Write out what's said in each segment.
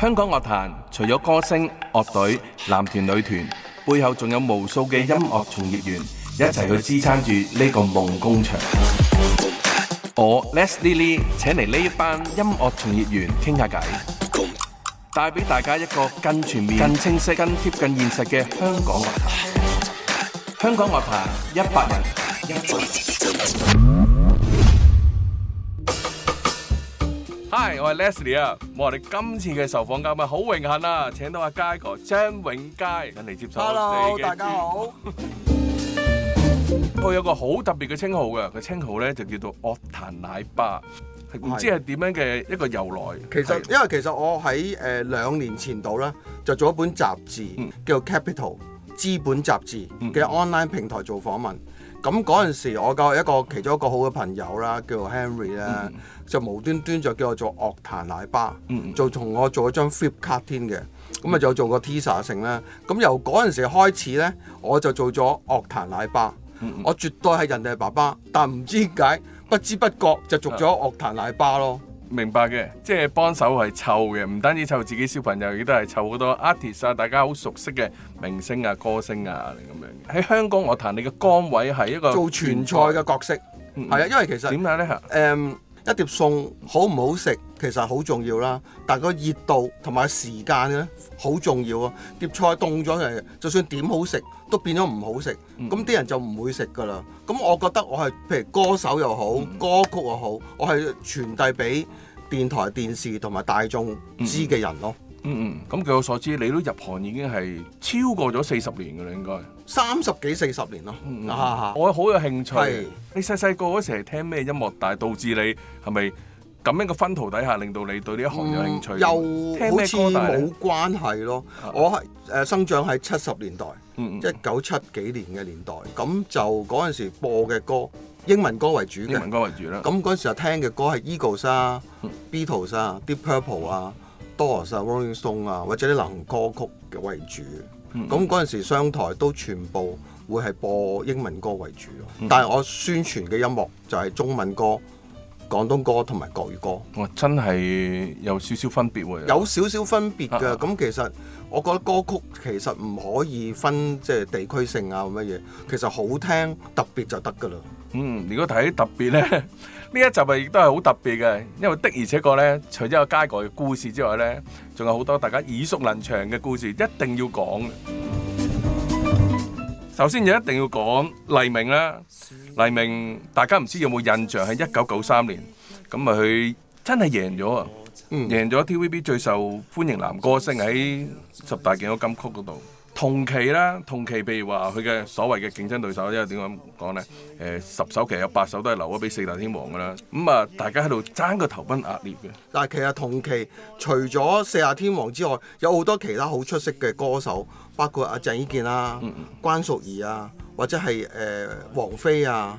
香港樂壇除咗歌星、樂隊、男團、女團，背後仲有無數嘅音樂從業員一齊去支撐住呢個夢工場。我 Leslie Lee 請嚟呢一班音樂從業員傾下偈，帶俾大家一個更全面、更清晰、更貼近現實嘅香港樂壇。香港樂壇一百人。Hi, 我係 Leslie 啊！我哋今次嘅受訪嘉賓好榮幸啊！請到阿佳哥張永佳嚟接受。Hello，大家好。佢 有個好特別嘅稱號嘅，個稱號咧就叫做樂壇奶爸，唔是知係點樣嘅一個由來。其實是因為其實我喺誒、呃、兩年前度咧，就做一本雜誌、嗯、叫做《Capital 資本雜誌》嘅 online 平台做訪問。嗯嗯。咁嗰陣時，我教一個其中一個好嘅朋友啦，叫做 Henry 咧、mm，hmm. 就無端端就叫我做樂壇奶爸，就、mm hmm. 同我做咗張 Flip 卡添嘅，咁啊、mm hmm. 就做個 Teaser 成啦。咁由嗰陣時開始咧，我就做咗樂壇奶爸，mm hmm. 我絕對係人哋爸爸，但唔知解，不知不覺就做咗樂壇奶爸咯。明白嘅，即係幫手係湊嘅，唔單止湊自己小朋友，亦都係湊好多 artist 啊，大家好熟悉嘅明星啊、歌星啊咁樣嘅。喺香港樂壇，你嘅崗位係一個全做傳菜嘅角色，係啊、嗯，因為其實點解咧？誒、嗯，一碟餸好唔好食，其實好重要啦。但個熱度同埋時間咧，好重要啊。碟菜凍咗嚟，就算點好食，都變咗唔好食。咁啲、嗯、人就唔會食噶啦。咁我覺得我係譬如歌手又好，嗯、歌曲又好，我係傳遞俾電台、電視同埋大眾知嘅人咯、嗯，嗯嗯，咁據我所知，你都入行已經係超過咗四十年噶啦，應該三十幾四十年咯，嗯、哈哈，我好有興趣，是你細細個嗰時係聽咩音樂，但係導致你係咪咁樣嘅薰陶底下，令到你對呢一行有興趣，又、嗯、好似冇關係咯。嗯、你我係誒、呃、生長喺七十年代，一九七幾年嘅年代，咁就嗰陣時播嘅歌。英文歌為主嘅，英文歌為主啦。咁嗰陣時聽嘅歌係 Eagles 啊、嗯、Beatles 啊、Deep Purple 啊、Doors 啊、Rolling Stone 啊，或者啲流行歌曲嘅為主。咁嗰陣時商台都全部會係播英文歌為主咯。嗯、但係我宣傳嘅音樂就係中文歌、廣東歌同埋國語歌。哇！真係有少少分別喎。有少少分別嘅。咁、啊、其實我覺得歌曲其實唔可以分即係地區性啊咁乜嘢。其實好聽特別就得㗎啦。嗯，如果睇特別咧，呢一集啊亦都係好特別嘅，因為的而且確咧，除咗有街角嘅故事之外咧，仲有好多大家耳熟能詳嘅故事，一定要講。首先就一定要講黎明啦，黎明大家唔知有冇印象，喺一九九三年咁啊，佢真係贏咗啊，贏咗 TVB 最受歡迎男歌星喺十大勁歌金曲嗰度。同期啦，同期譬如話佢嘅所謂嘅競爭對手，因為點講呢？誒、呃，十首其實有八首都係留咗俾四大天王㗎啦。咁、嗯、啊，大家喺度爭個頭崩額裂嘅。但係其實同期除咗四大天王之外，有好多其他好出色嘅歌手。包括阿鄭伊健啦、啊、嗯、關淑怡啊，或者係誒、呃、王菲啊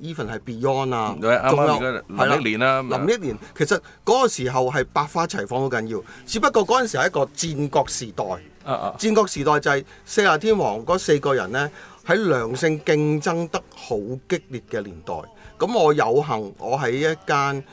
，even 係 Beyond 啊，仲有林憶蓮啦，林憶蓮麼其實嗰個時候係百花齊放，好緊要，只不過嗰陣時係一個戰國時代。啊啊！戰國時代就係四大天王嗰四個人呢，喺良性競爭得好激烈嘅年代。咁我有幸我喺一間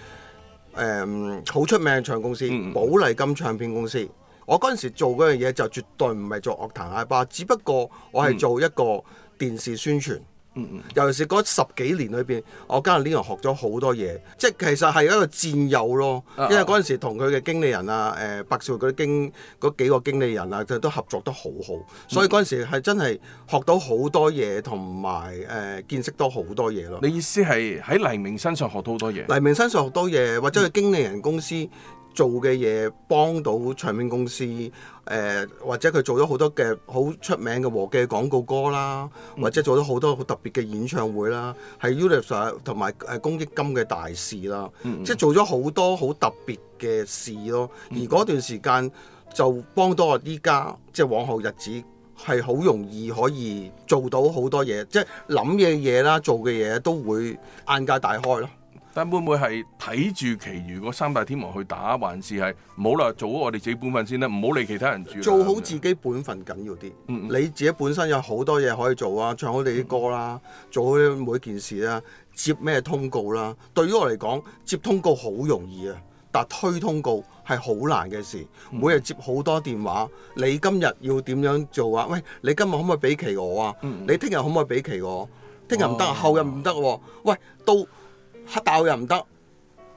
誒好出名嘅唱片公司，寶、嗯、麗金唱片公司。我嗰陣時做嗰樣嘢就絕對唔係做樂壇奶爸，只不過我係做一個電視宣傳。嗯嗯，嗯尤其是嗰十幾年裏邊，我加入呢度學咗好多嘢，即係其實係一個戰友咯。因為嗰陣時同佢嘅經理人啊、誒、呃、白少嗰啲經嗰幾個經理人啊，佢都合作得好好，所以嗰陣時係真係學到好多嘢，同埋誒見識到好多嘢咯。你意思係喺黎明身上學到好多嘢？黎明身上學到嘢，或者佢經理人公司。嗯做嘅嘢幫到唱片公司，誒、呃、或者佢做咗好多嘅好出名嘅和記廣告歌啦，或者做咗好多好特別嘅演唱會啦，係 Universal 同埋誒公益金嘅大事啦、嗯嗯，即係做咗好多好特別嘅事咯。而嗰段時間就幫到我依家，即係往後日子係好容易可以做到好多嘢，即係諗嘅嘢啦，做嘅嘢都會眼界大開咯。但會唔會係睇住其餘個三大天王去打，還是係好啦？做好我哋自己本份先啦，唔好理其他人住。住。做好自己本份緊要啲。嗯嗯你自己本身有好多嘢可以做啊，唱好你啲歌啦、啊，嗯、做好每件事啦、啊，接咩通告啦、啊。對於我嚟講，接通告好容易啊，但推通告係好難嘅事。每日接好多電話，你今日要點樣做啊？喂，你今日可唔可以俾期我啊？嗯嗯你聽日可唔可以俾期我？聽日唔得，哦、後日唔得、啊。喂，到黑斗又唔得，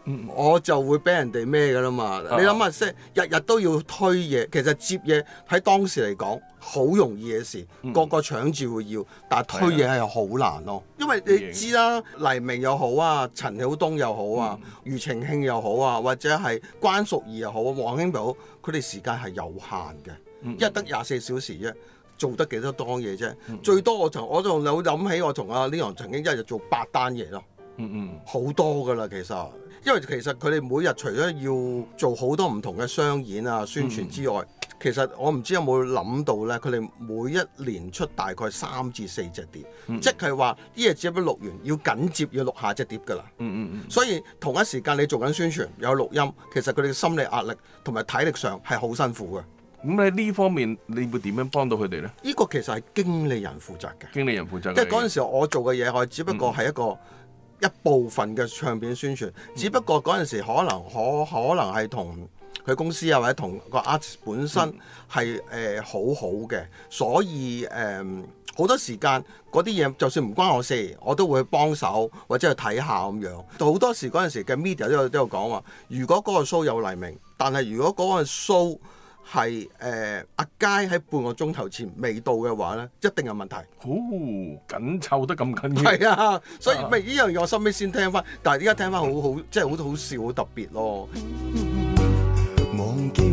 嗯、我就會俾人哋咩噶啦嘛！啊、你諗下先，即日日都要推嘢，其實接嘢喺當時嚟講好容易嘅事，個、嗯、個搶住會要，但係推嘢係好難咯。嗯、因為你知啦，嗯、黎明又好啊，陳曉東又好啊，嗯、余程慶又好啊，或者係關淑怡又好、啊、好、啊，黃興寶，佢哋時間係有限嘅，嗯、一日得廿四小時啫，做得幾多單嘢啫？嗯、最多我就我仲有諗起我同阿 Leon 曾經一日做八單嘢咯。嗯嗯，好多噶啦，其實，因為其實佢哋每日除咗要做好多唔同嘅商演啊、宣傳之外，嗯嗯其實我唔知有冇諗到咧，佢哋每一年出大概三至四隻碟，嗯嗯即係話呢隻碟錄完，要緊接要錄下隻碟噶啦。嗯嗯嗯。所以同一時間你做緊宣傳有錄音，其實佢哋嘅心理壓力同埋體力上係好辛苦嘅。咁喺呢方面你會點樣幫到佢哋咧？呢個其實係經理人負責嘅。經理人負責。即係嗰陣時我做嘅嘢，我只不過係一個。嗯嗯一部分嘅唱片宣傳，只不過嗰陣時可能可可能係同佢公司啊，或者同個 artist 本身係誒、呃、好好嘅，所以誒好、呃、多時間嗰啲嘢，就算唔關我事，我都會去幫手或者去睇下咁樣。好多時嗰陣時嘅 media 都有都有講話，如果嗰個 show 有黎明，但係如果嗰個 show 係誒、呃、阿佳喺半個鐘頭前未到嘅話咧，一定有問題。好、哦，緊湊得咁緊要，係啊，所以咪呢樣嘢我收尾先聽翻。但係依家聽翻好好，即係好好，好笑，好特別咯。忘記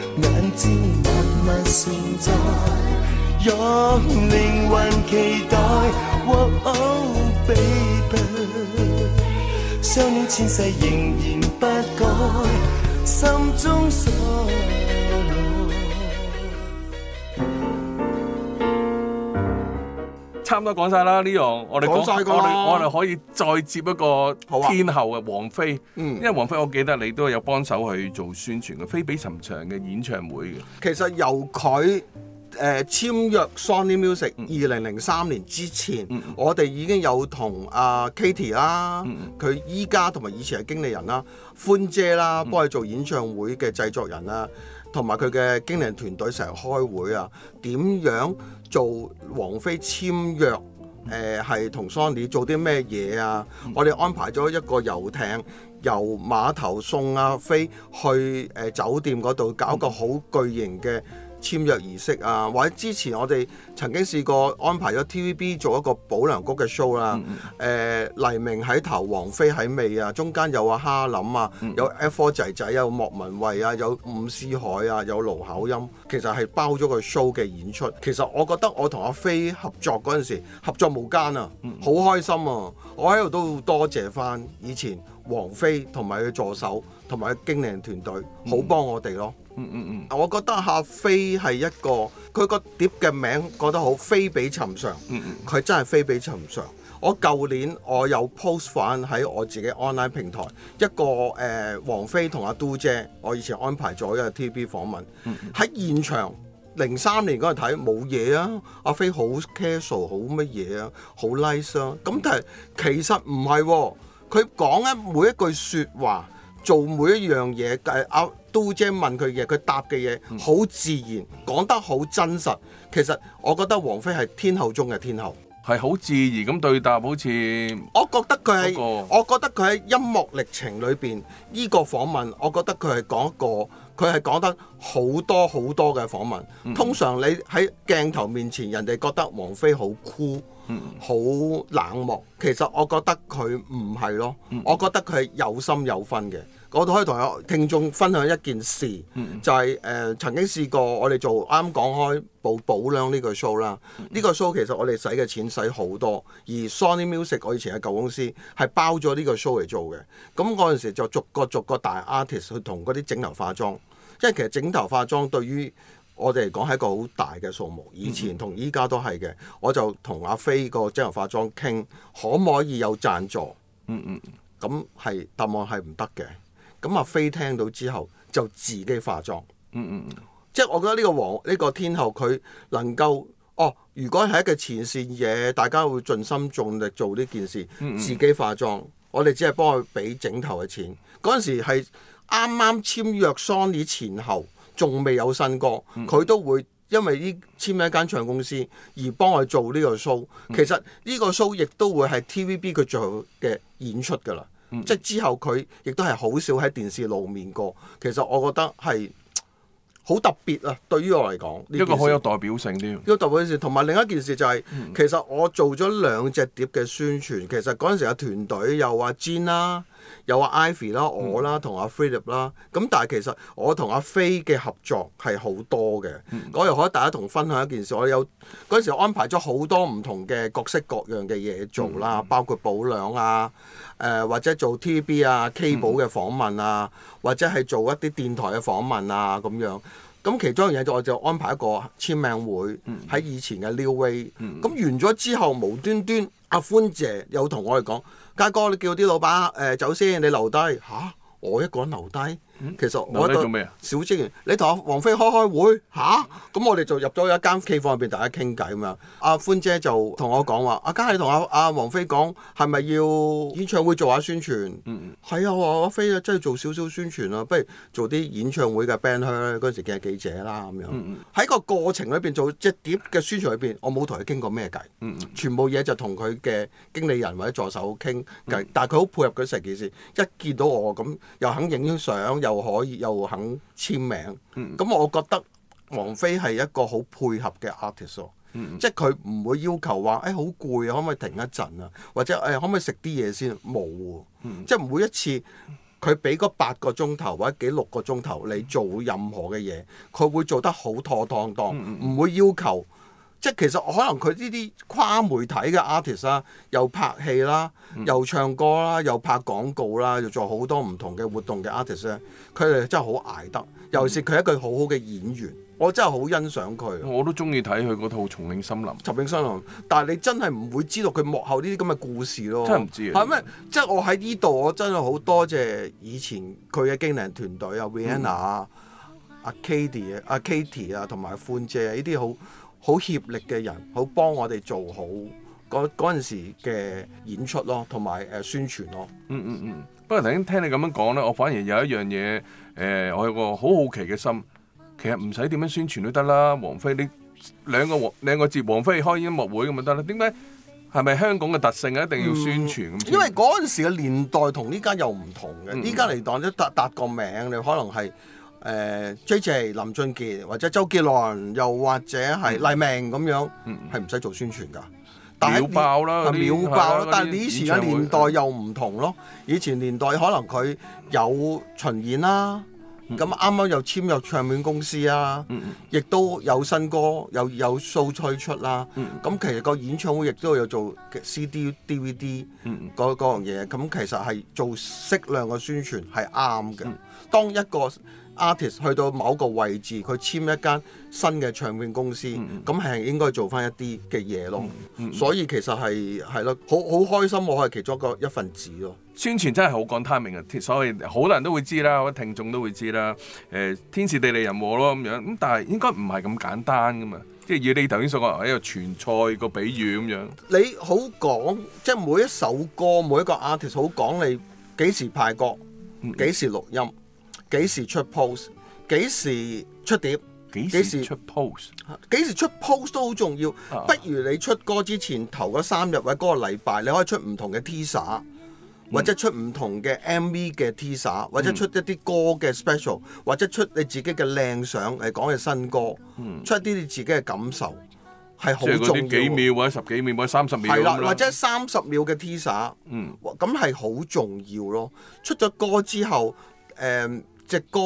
眼睛默默存在，讓靈魂期待，喔、哦，baby，相戀千世仍然不改心中所愛。差唔多講晒啦，呢樣我哋講曬過，我哋可以再接一個天后嘅王菲，啊、因為王菲我記得你都有幫手去做宣傳嘅《菲比尋常》嘅演唱會嘅，其實由佢。誒、呃、簽約 Sony Music，二零零三年之前，嗯、我哋已經有同阿 Katie 啦，佢依家同埋以前嘅經理人啦、啊，歡姐啦、啊，幫佢做演唱會嘅製作人啦、啊，同埋佢嘅經理人團隊成日開會啊，點樣做王菲簽約？誒、呃、係同 Sony 做啲咩嘢啊？嗯、我哋安排咗一個遊艇，由碼頭送阿、啊、菲去誒、呃、酒店嗰度搞個好巨型嘅。簽約儀式啊，或者之前我哋曾經試過安排咗 TVB 做一個保良局嘅 show 啦、啊嗯呃。黎明喺頭，王菲喺尾啊，中間有阿、啊、哈林啊，嗯、有 F4 仔仔，有莫文蔚啊，有伍思凱啊，有盧巧音，其實係包咗個 show 嘅演出。其實我覺得我同阿菲合作嗰陣時合作無間啊，好、嗯、開心啊！我喺度都多謝翻以前王菲同埋佢助手同埋佢經理人團隊，好幫我哋咯。嗯嗯嗯嗯，我覺得阿菲係一個佢個碟嘅名講得好，菲比尋常。嗯嗯，佢真係非比尋常。我舊年我有 post 翻喺我自己 online 平台一個誒、呃，王菲同阿嘟姐，我以前安排咗一個 TV 訪問。喺、嗯嗯、現場零三年嗰日睇冇嘢啊，阿菲好 casual，好乜嘢啊，好 nice 啊。咁但係其實唔係喎，佢講咧每一句説話，做每一樣嘢誒阿。呃都姐係問佢嘅，佢答嘅嘢好自然，嗯、講得好真實。其實我覺得王菲係天后中嘅天后，係好自然咁對答，好似我覺得佢喺，嗰個、我覺得佢喺音樂歷程裏邊呢個訪問，我覺得佢係講一個，佢係講得好多好多嘅訪問。嗯、通常你喺鏡頭面前，人哋覺得王菲好酷。好冷漠，其實我覺得佢唔係咯，嗯、我覺得佢係有心有分嘅。我都可以同我聽眾分享一件事，嗯、就係、是、誒、呃、曾經試過我哋做啱啱講開保保良呢個 show 啦。呢、嗯、個 show 其實我哋使嘅錢使好多，而 Sony Music 我以前嘅舊公司係包咗呢個 show 嚟做嘅。咁嗰陣時就逐個逐個大 artist 去同嗰啲整頭化妝，因為其實整頭化妝對於我哋嚟講係一個好大嘅數目，以前同依家都係嘅。我就同阿飛個真人化妝傾，可唔可以有贊助？嗯嗯，咁係答案係唔得嘅。咁阿飛聽到之後就自己化妝。嗯嗯，即係我覺得呢個王呢個天后，佢能夠哦，如果係一個前線嘢，大家會盡心盡力做呢件事，嗯嗯，自己化妝。我哋只係幫佢俾整頭嘅錢。嗰陣時係啱啱簽約 Sony 前後。仲未有新歌，佢、嗯、都會因為呢簽喺間唱公司而幫我做呢個 show、嗯。其實呢個 show 亦都會係 TVB 佢最後嘅演出㗎啦。嗯、即係之後佢亦都係好少喺電視露面過。其實我覺得係好特別啊，對於我嚟講，一個好有代表性啲。一個代表性，同埋另一件事就係、是，嗯、其實我做咗兩隻碟嘅宣傳，其實嗰陣時嘅團隊又話煎啦。又阿 Ivy 啦，vy, 我啦，同阿 Philip 啦，咁但係其實我同阿飛嘅合作係好多嘅，嗯、我又可以大家同分享一件事，我有嗰陣時安排咗好多唔同嘅各色各樣嘅嘢做啦，嗯、包括保量啊，誒、呃、或者做 TVB 啊 K 寶嘅訪問啊，嗯、或者係做一啲電台嘅訪問啊咁樣，咁其中一樣嘢就我就安排一個簽名會喺以前嘅 New Way，咁完咗之後無端端，端阿歡姐有同我哋講，佳哥，你叫啲老板誒、呃、走先，你留低嚇、啊，我一個人留低。其實我低做咩小職員，你同阿王菲開開會嚇，咁、啊、我哋就入咗一間 K 房入邊，大家傾偈咁樣。阿、啊、歡姐就同我講話，阿、啊、家你同阿阿王菲講，係咪要演唱會做下宣傳？嗯嗯。係啊，我阿飛啊，真係做少少宣傳啊，不如做啲演唱會嘅 banner 嗰陣時嘅記者啦咁樣。喺、嗯嗯、個過程裏邊做隻碟嘅宣傳裏邊，我冇同佢傾過咩偈。嗯嗯、全部嘢就同佢嘅經理人或者助手傾，嗯、但係佢好配合嗰成件事。一見到我咁又肯影相又。又可以又肯簽名，咁、嗯嗯、我覺得王菲係一個好配合嘅 artist、哦嗯、即係佢唔會要求話，誒好攰啊，可唔可以停一陣啊，或者誒、哎、可唔可以食啲嘢先？冇喎、啊，嗯、即係每一次佢俾嗰八個鐘頭或者幾六個鐘頭你做任何嘅嘢，佢會做得好妥當當，唔、嗯、會要求。即係其實可能佢呢啲跨媒體嘅 artist 啦、啊，又拍戲啦，又唱歌啦，又拍廣告啦，又做好多唔同嘅活動嘅 artist 咧、啊，佢哋真係好捱得。尤其是佢一句好好嘅演員，我真係好欣賞佢。我都中意睇佢嗰套《叢林森林》。《叢林森林》，但係你真係唔會知道佢幕後呢啲咁嘅故事咯。真係唔知。係咩嗎？邊即係我喺呢度，我真係好多謝以前佢嘅經理人團隊啊，Vienna 啊，阿 Katie、嗯、阿、啊、Katie 啊，同埋歡姐啊，呢啲好。好協力嘅人，好幫我哋做好嗰嗰陣時嘅演出咯，同埋誒宣傳咯。嗯嗯嗯。不過頭先聽你咁樣講咧，我反而有一樣嘢誒，我有個好好奇嘅心。其實唔使點樣宣傳都得啦，王菲，你兩個王，兩個字，王菲開音樂會咁咪得啦。點解係咪香港嘅特性啊？一定要宣傳咁、嗯嗯。因為嗰陣時嘅年代同依家又唔同嘅，依家嚟講都打打個名你可能係。誒、呃、J.J. 林俊傑或者周杰倫，又或者係黎明咁樣，係唔使做宣傳噶。秒爆啦秒爆啦！但係以前嘅年代又唔同咯。以前年代可能佢有巡演啦、啊，咁啱啱又簽約唱片公司啦、啊，亦、嗯、都有新歌有有、啊、show 推出啦。咁其實個演唱會亦都有做 CD DVD、嗯、DVD 嗰、那個、樣嘢。咁其實係做適量嘅宣傳係啱嘅。嗯、當一個 artist 去到某一個位置，佢簽一間新嘅唱片公司，咁係、嗯、應該做翻一啲嘅嘢咯。嗯嗯、所以其實係係咯，好好開心，我係其中一個一份子咯。宣傳真係好講 timing 啊！所以好多人都會知啦，我啲聽眾都會知啦。誒、呃，天時地利人和咯咁、就是哎、樣。咁但係應該唔係咁簡單噶嘛。即係以你頭先所講喺度傳菜個比喻咁樣，你好講，即係每一首歌每一個 artist 好講你幾時派歌，幾、嗯、時錄音。幾時出 post？幾時出碟？幾時，時出 post？幾時出 post 都好重要。啊、不如你出歌之前，頭嗰三日或者嗰個禮拜，你可以出唔同嘅 teaser，、嗯、或者出唔同嘅 MV 嘅 teaser，或者出一啲歌嘅 special，、嗯、或者出你自己嘅靚相嚟講嘅新歌，嗯、出一啲你自己嘅感受係好重要。即係嗰啲幾秒或者十幾秒或者三十秒係啦，或者三十秒嘅的 teaser，嗯，咁係好重要咯。出咗歌之後，誒、嗯。嗯隻歌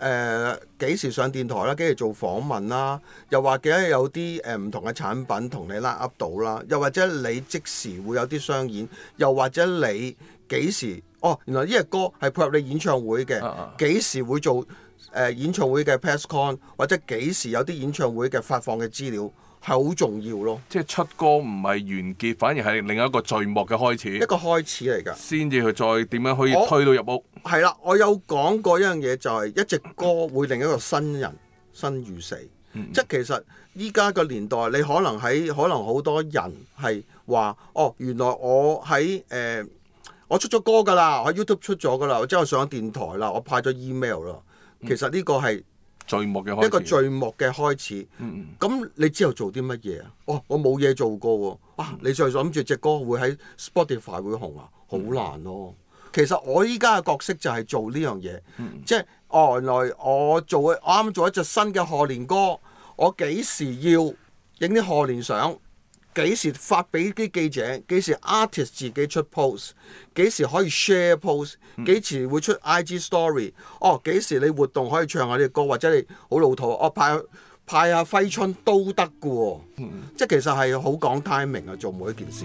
誒幾、呃、時上電台啦？幾時做訪問啦？又或者有啲誒唔同嘅產品同你拉 Up 到啦？又或者你即時會有啲商演？又或者你幾時？哦，原來呢隻歌係配合你演唱會嘅。幾時會做誒、呃、演唱會嘅 press con？或者幾時有啲演唱會嘅發放嘅資料？係好重要咯，即係出歌唔係完結，反而係另一個序幕嘅開始，一個開始嚟㗎，先至去再點樣可以推到入屋。係啦，我有講過一樣嘢，就係、是、一隻歌會令一個新人生如死。嗯嗯，即係其實依家個年代，你可能喺可能好多人係話：哦，原來我喺誒、呃，我出咗歌㗎啦，喺 YouTube 出咗㗎啦，之後上咗電台啦，我派咗 email 咯。嗯、其實呢個係。一個序幕嘅開始，咁、嗯、你之後做啲乜嘢啊？哦，我冇嘢做過喎、啊嗯啊，你再諗住隻歌會喺 Spotify 會紅啊？好難咯、啊。嗯、其實我依家嘅角色就係做呢樣嘢，嗯、即係哦，原來我做，我啱做一隻新嘅賀年歌，我幾時要影啲賀年相？幾時發俾啲記者？幾時 artist 自己出 post？幾時可以 share post？幾時會出 IG story？哦，幾時你活動可以唱下啲歌，或者你好老土哦，派派下、啊、揮春都得嘅喎。即係其實係好講 timing 啊，做每一件事。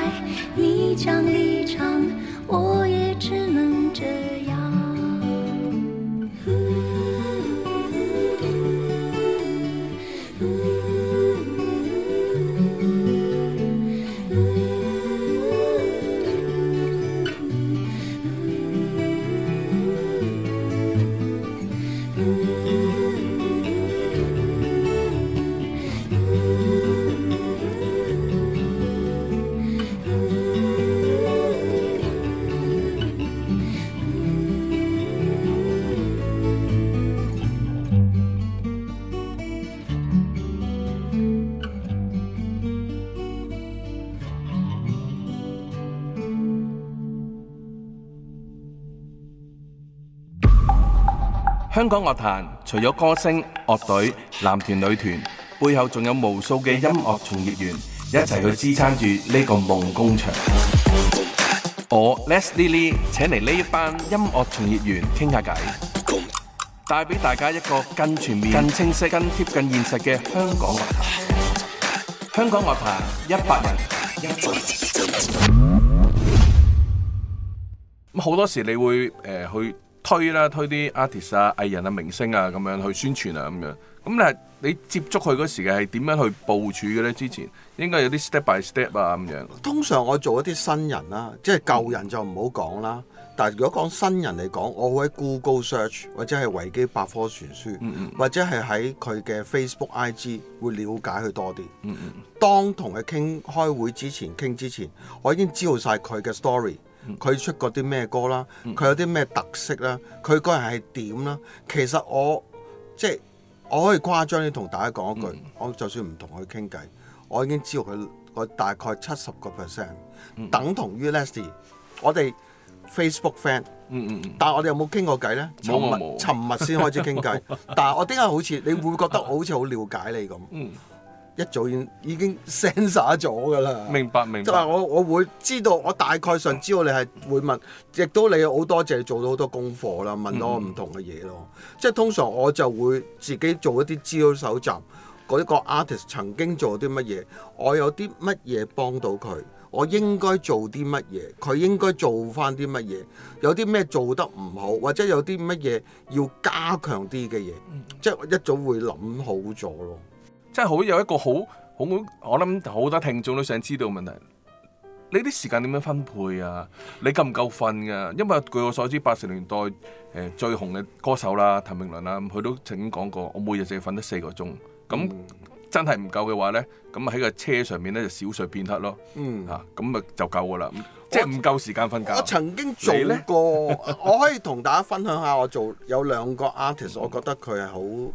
香港樂壇除咗歌星、樂隊、男團、女團，背後仲有無數嘅音樂從業員一齊去支撐住呢個夢工場。我 Leslie 請嚟呢一班音樂從業員傾下偈，帶俾大家一個更全面、 更清晰、更貼近現實嘅香港樂壇。香港樂壇一百人，好 多時你會、呃、去。推啦、啊，推啲 artist 啊、藝人啊、明星啊咁樣去宣傳啊咁樣。咁你你接觸佢嗰時嘅係點樣去部署嘅呢？之前應該有啲 step by step 啊咁樣。通常我做一啲新人啦，即係舊人就唔好講啦。但係如果講新人嚟講，我會喺 Google Search 或者係維基百科傳輸，嗯嗯，或者係喺佢嘅 Facebook IG 會了解佢多啲。嗯嗯，當同佢傾開會之前，傾之前，我已經知道晒佢嘅 story。佢、嗯、出過啲咩歌啦？佢、嗯、有啲咩特色啦？佢、嗯、個人係點啦？其實我即係我可以誇張啲同大家講一句，嗯、我就算唔同佢傾偈，我已經知道佢大概七十個 percent，等同於 l e s t y 我哋 Facebook friend，嗯嗯，但係我哋有冇傾過偈咧？冇、嗯、尋日尋日先開始傾偈。 但係我點解好似你會,會覺得我好似好了解你咁？嗯一早已已經 sense 咗噶啦，明白明白，即係我我會知道，我大概上知道你係會問，亦都你好多謝你做到好多功課啦，問到我唔同嘅嘢咯。嗯、即係通常我就會自己做一啲資料搜集，嗰、那、一個 artist 曾經做啲乜嘢，我有啲乜嘢幫到佢，我應該做啲乜嘢，佢應該做翻啲乜嘢，有啲咩做得唔好，或者有啲乜嘢要加強啲嘅嘢，嗯、即係一早會諗好咗咯。真係好有一個好好，好。我諗好多聽眾都想知道嘅問題，你啲時間點樣分配啊？你夠唔夠瞓噶？因為據我所知，八十年代誒、呃、最紅嘅歌手啦，譚詠麟啦，佢都曾經講過，我每日淨係瞓得四個鐘。咁、嗯、真係唔夠嘅話咧，咁喺個車上面咧就小睡片刻咯。嗯，嚇咁啊就夠噶啦，即係唔夠時間瞓覺。我曾經做過，呢我可以同大家分享下我做有兩個 artist，、嗯、我覺得佢係好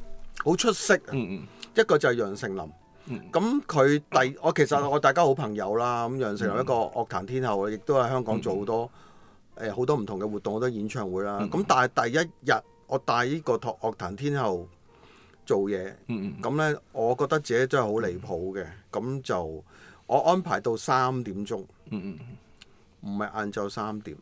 好出色、啊。嗯嗯。一個就係楊丞琳，咁佢第我其實我大家好朋友啦，咁楊丞琳一個樂壇天后，亦都喺香港做好多誒好多唔同嘅活動，好多演唱會啦。咁但係第一日我帶呢個託樂壇天后做嘢，咁呢，我覺得自己真係好離譜嘅。咁就我安排到三點鐘，唔係晏晝三點，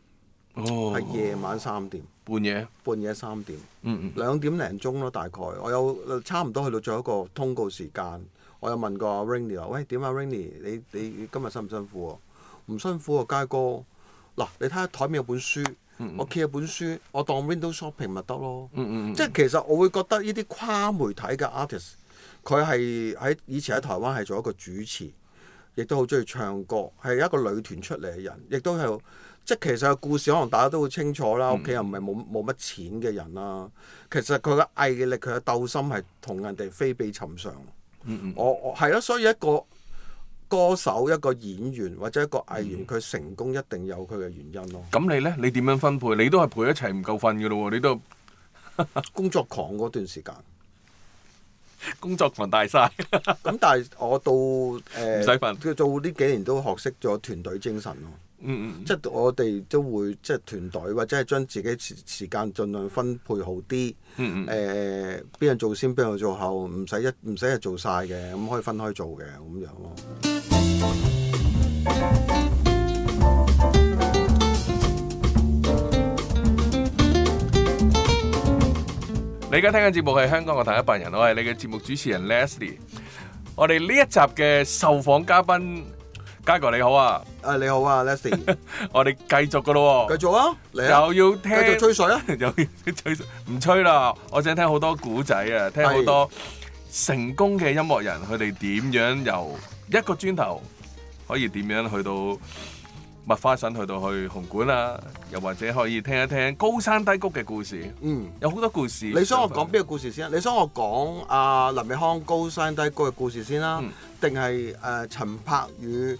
係夜晚三點。半夜，半夜三點，兩、嗯嗯、點零鐘咯，大概。我有差唔多去到最後一個通告時間。我有問過阿 Rainy 話，喂，點啊 Rainy？你你，你今日辛唔辛，辛苦唔、啊嗯嗯、辛苦啊，佳哥。嗱，你睇下台面有本書，嗯嗯、我企有本書，我當 Windows shopping 咪得咯。嗯嗯嗯、即係其實我會覺得呢啲跨媒體嘅 artist，佢係喺以前喺台灣係做一個主持。亦都好中意唱歌，係一個女團出嚟嘅人，亦都係即其實個故事可能大家都會清楚啦。屋企又唔係冇冇乜錢嘅人啦。其實佢嘅毅力，佢嘅鬥心係同人哋非比尋常。嗯嗯，我我係咯，所以一個歌手、一個演員或者一個藝員，佢、嗯、成功一定有佢嘅原因咯。咁、嗯、你呢？你點樣分配？你都係陪一齊唔夠瞓嘅咯喎！你都 工作狂嗰段時間。工作群大晒，咁 但係我到誒，唔使分。佢做呢幾年都學識咗團隊精神咯。嗯嗯，嗯即。即係我哋都會即係團隊，或者係將自己時時間盡量分配好啲。嗯嗯，嗯、呃。誒，邊人做先，邊人做後，唔使一唔使係做晒嘅，咁可以分開做嘅咁樣咯。嗯嗯嗯 你而家聽緊節目係香港樂壇一百人，我係你嘅節目主持人 Leslie。我哋呢一集嘅受訪嘉賓，佳哥你好啊，誒你好啊 Leslie，我哋繼續噶咯，繼續啊，又要聽繼續吹水啊，又吹唔吹啦？我想聽好多古仔啊，聽好多成功嘅音樂人，佢哋點樣由一個磚頭可以點樣去到？麥花臣去到去紅館啊，又或者可以聽一聽高山低谷嘅故事。嗯，有好多故事。你想我講邊個故事先？你想我講阿、呃、林奕匡高山低谷嘅故事先啦、啊，定係誒陳柏宇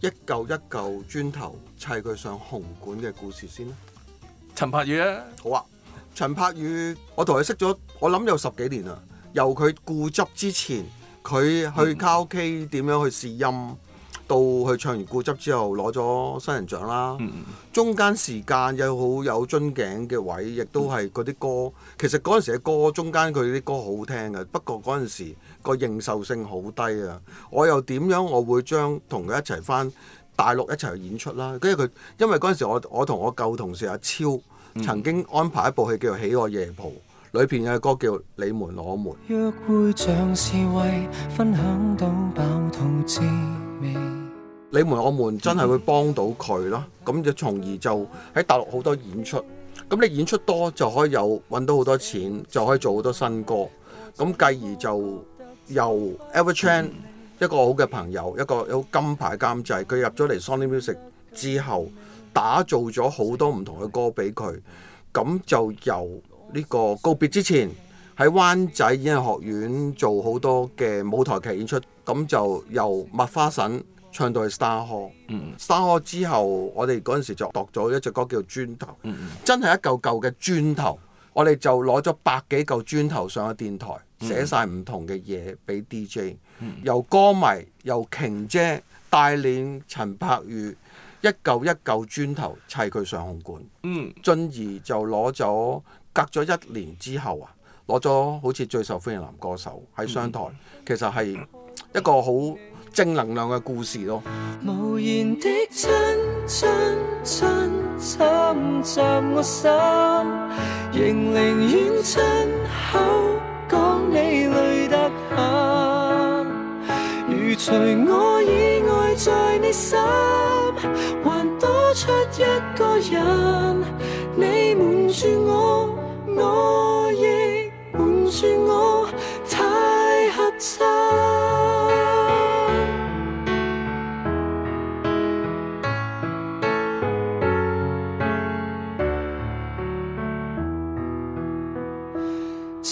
一嚿一嚿磚頭砌佢上紅館嘅故事先咧、啊？陳柏宇啊，好啊，陳柏宇，我同佢識咗，我諗有十幾年啦，由佢固執之前，佢去卡拉 OK 點樣去試音。嗯到佢唱完固執之後攞咗新人獎啦，嗯、中間時間又好有樽頸嘅位，亦都係嗰啲歌。嗯、其實嗰陣時嘅歌中間佢啲歌好聽嘅，不過嗰陣時個認受性好低啊！我又點樣？我會將同佢一齊返大陸一齊去演出啦。跟住佢，因為嗰陣時我我同我舊同事阿超、嗯、曾經安排一部戲叫做《喜愛夜蒲》，裏邊嘅歌叫《你們我們》。你們，我們真係會幫到佢咯。咁、嗯、就從而就喺大陸好多演出。咁你演出多就可以有揾到好多錢，就可以做好多新歌。咁繼而就由 Ever Chan、嗯、一個好嘅朋友，一個有金牌監製，佢入咗嚟 Sony Music 之後，打造咗好多唔同嘅歌俾佢。咁就由呢個告別之前喺灣仔演藝學院做好多嘅舞台劇演出。咁就由麥花臣。唱到去 Star、嗯、Star Hall，Star Hall 之後，我哋嗰陣時就度咗一隻歌叫做《磚頭》，嗯、真係一嚿嚿嘅磚頭。我哋就攞咗百幾嚿磚頭上咗電台，嗯、寫晒唔同嘅嘢俾 DJ，嗯、由歌迷、由瓊姐帶領陳柏宇一嚿一嚿磚頭砌佢上紅館。進而、嗯、就攞咗，隔咗一年之後啊，攞咗好似最受歡迎男歌手喺商台，嗯嗯、其實係一個好正能量嘅故事咯。無言的親親親，侵襲我心，仍寧願親口講，你累得很。如除我以外，在你心還多出一個人。你瞞住我，我亦瞞住我，太合襯。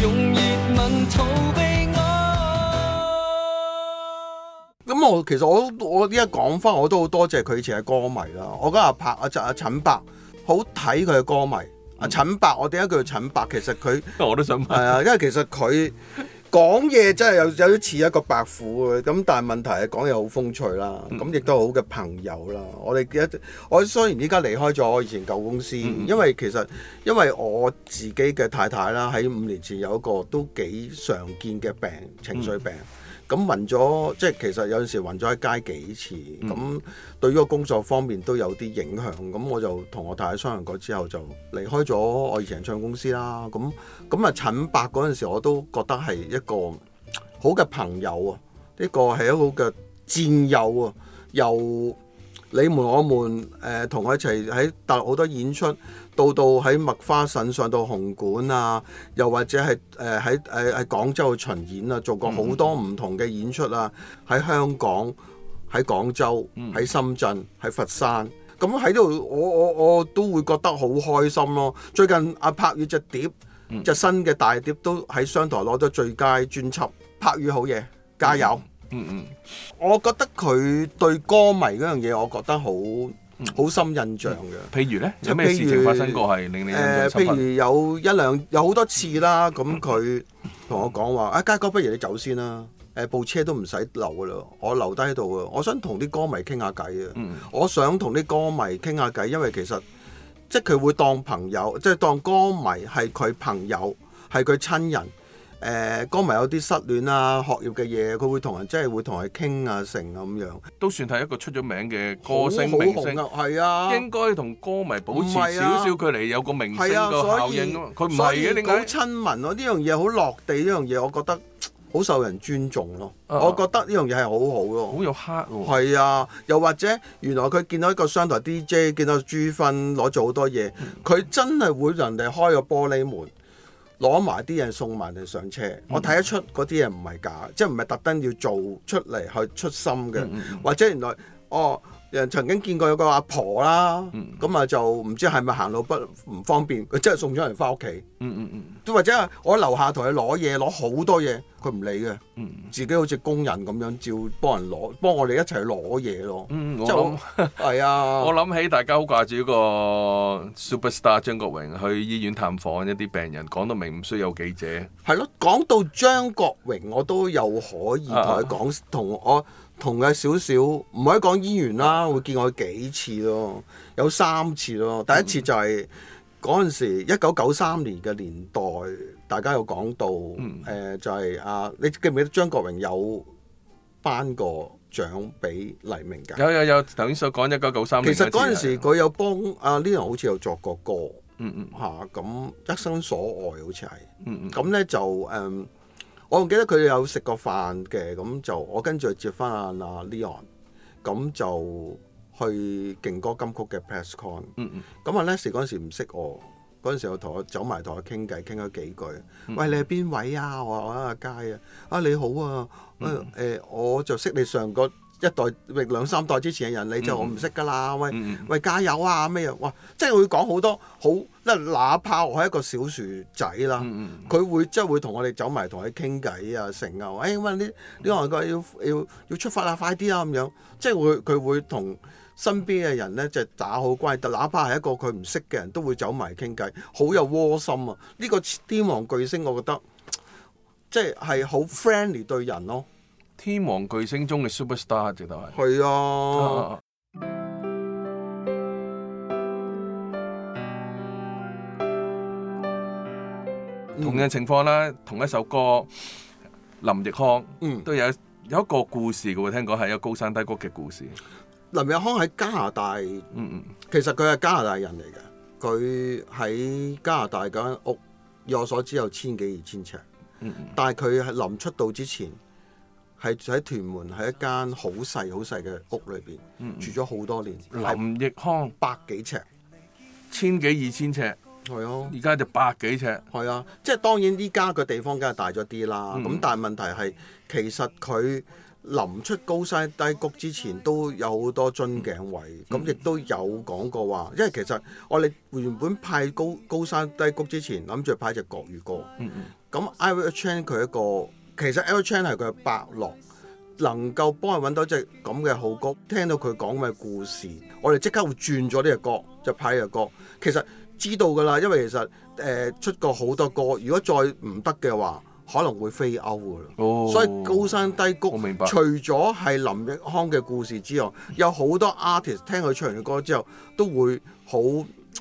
用熱吻我。咁我其實我我依家講翻，我都好多謝佢以前嘅歌迷啦。我覺得阿陳阿陳伯，好睇佢嘅歌迷。阿陳伯、嗯，我點解叫陳伯，其實佢，我都想問，係啊，因為其實佢。 講嘢真係有有啲似一個白虎嘅，咁但係問題係講嘢好風趣啦，咁亦、嗯、都好嘅朋友啦。我哋嘅我雖然依家離開咗我以前舊公司，嗯、因為其實因為我自己嘅太太啦，喺五年前有一個都幾常見嘅病，情緒病。嗯咁暈咗，即係、嗯、其實有陣時暈咗喺街幾次，咁對於個工作方面都有啲影響。咁我就同我太太商量過之後就離開咗我以前人唱公司啦。咁咁啊，陳伯嗰陣時我都覺得係一個好嘅朋友啊，呢個係一個好嘅戰友啊。又你們我們誒、呃、同我一齊喺大陸好多演出。到到喺麥花臣上到紅館啊，又或者係誒喺誒喺廣州巡演啊，做過好多唔同嘅演出啊，喺、嗯、香港、喺廣州、喺、嗯、深圳、喺佛山，咁喺度我我我都會覺得好開心咯、啊。最近阿柏宇隻碟隻、嗯、新嘅大碟都喺商台攞咗最佳專輯，柏宇好嘢，加油！嗯嗯，嗯嗯我覺得佢對歌迷嗰樣嘢，我覺得好。好、嗯、深印象嘅。譬、嗯、如呢，有咩事情發生過係令你印象深刻？誒，譬如有一兩有好多次啦，咁佢同我講話：嗯、啊，佳哥，不如你走先啦，誒、啊，部車都唔使留嘅啦，我留低喺度啊，我想同啲歌迷傾下偈啊，嗯、我想同啲歌迷傾下偈，因為其實即係佢會當朋友，即係當歌迷係佢朋友，係佢親人。誒歌迷有啲失戀啊，學業嘅嘢，佢會同人即係會同佢傾啊、成啊咁樣，都算係一個出咗名嘅歌星明星，係啊，應該同歌迷保持少少距離，有個明星個效應，所以佢唔係嘅點解，好親民咯，呢樣嘢好落地，呢樣嘢我覺得好受人尊重咯。我覺得呢樣嘢係好好咯，好有 heart 喎。係啊，又或者原來佢見到一個商台 DJ，見到朱芬攞咗好多嘢，佢真係會人哋開個玻璃門。攞埋啲嘢送埋你上車，我睇得出嗰啲嘢唔係假，即係唔係特登要做出嚟去出心嘅，或者原來哦。曾經見過有個阿婆啦，咁啊、嗯、就唔知係咪行路不唔方便，佢即係送咗人翻屋企。嗯嗯嗯，都或者我喺樓下同佢攞嘢，攞好多嘢，佢唔理嘅，嗯、自己好似工人咁樣照幫人攞，幫我哋一齊攞嘢咯。嗯，係啊，我諗、 哎、呀起大家好掛住一個 superstar 張國榮去醫院探訪一啲病人，講到明唔需要有記者。係咯，講到張國榮，我都有可以同佢講，同、啊、我。同嘅少少，唔可以講演員啦，會見我幾次咯，有三次咯。第一次就係嗰陣時，一九九三年嘅年代，大家有講到，誒、嗯呃、就係、是、啊，你記唔記得張國榮有頒個獎俾黎明㗎？有有有，頭先所講一九九三年。其實嗰陣時佢有幫阿 Leon、嗯啊這個、好似有作過歌，嗯嗯嚇，咁、啊、一生所愛好似係，咁咧、嗯嗯嗯、就誒。嗯我仲記得佢哋有食過飯嘅，咁就我跟住接翻阿、啊、Leon，咁就去勁歌金曲嘅 Press Con，嗯咁阿 Leslie 嗰時唔識我，嗰陣時我同我走埋同我傾偈傾咗幾句，嗯嗯喂，你係邊位啊？我係阿佳啊，啊你好啊，誒我就識你上個。一代或兩三代之前嘅人，你就我唔識㗎啦，嗯、喂喂加油啊咩啊，哇！即係會講好多好，即係哪怕我係一個小薯仔啦，佢、嗯、會即係會同我哋走埋同佢傾偈啊成啊，哎呀、嗯欸，你你外國要要要出發啊，快啲啊咁樣，即係會佢會同身邊嘅人咧就打好關係，哪怕係一個佢唔識嘅人都會走埋傾偈，好有窩心啊！呢、呢個天王巨星，我覺得即係係好 friendly 對人咯。天王巨星中嘅 superstar，直頭係，係啊。 同樣情況啦，同一首歌，林奕匡、嗯、都有有一個故事嘅喎。聽講係一個高山低谷嘅故事。林奕匡喺加拿大，嗯嗯，其實佢係加拿大人嚟嘅。佢喺加拿大嗰間屋，我所知有千幾二千尺，嗯、但係佢喺臨出道之前，係住喺屯門，喺一間好細好細嘅屋裏邊、嗯、住咗好多年。林奕匡百幾尺，千幾二千尺，係啊！而家就百幾尺，係啊！即係當然，依家個地方梗係大咗啲啦。咁、嗯、但係問題係，其實佢臨出高山低谷之前都有好多樽頸位，咁亦、嗯嗯、都有講過話。因為其實我哋原本派高高山低谷之前，諗住派隻國語歌。嗯咁 I will change 佢一個。嗯嗯嗯其實 L Chan 係佢嘅伯樂，能夠幫佢揾到隻咁嘅好歌，聽到佢講嘅故事，我哋即刻會轉咗呢隻歌，就派呢隻歌。其實知道㗎啦，因為其實誒、呃、出過好多歌，如果再唔得嘅話，可能會飛歐㗎啦。哦、所以高山低谷，除咗係林奕匡嘅故事之外，有好多 artist 聽佢唱完嘅歌之後，都會好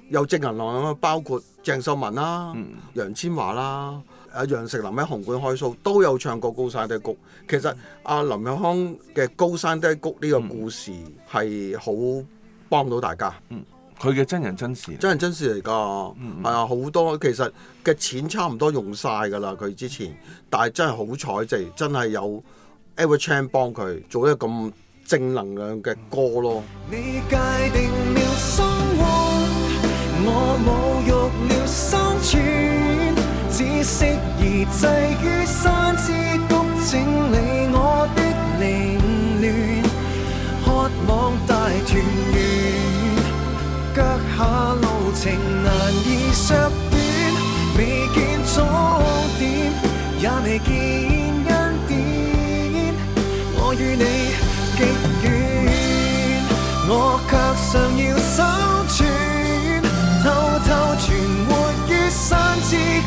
有正能量，咁包括鄭秀文啦、啊，嗯、楊千嬅啦、啊。阿楊丞琳喺紅館開 show 都有唱過《高山低谷》，其實阿林永康嘅《高山低谷》呢個故事係好幫到大家。佢嘅、嗯、真人真事，真人真事嚟㗎。嗯，係啊，好多其實嘅錢差唔多用晒㗎啦，佢之前。但係真係好彩，就係真係有 Ever Chan 幫佢做咗咁正能量嘅歌咯。適宜滯於山之谷，整理我的凌亂，渴望大團圓。腳下路程難以削短，未見終點，也未見恩典。我與你極遠，我卻尚要生存，偷偷存活於山之谷。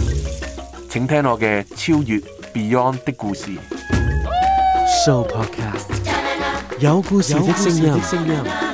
請聽我嘅超越 Beyond 的故事，Sooopodcast，有故事的聲音。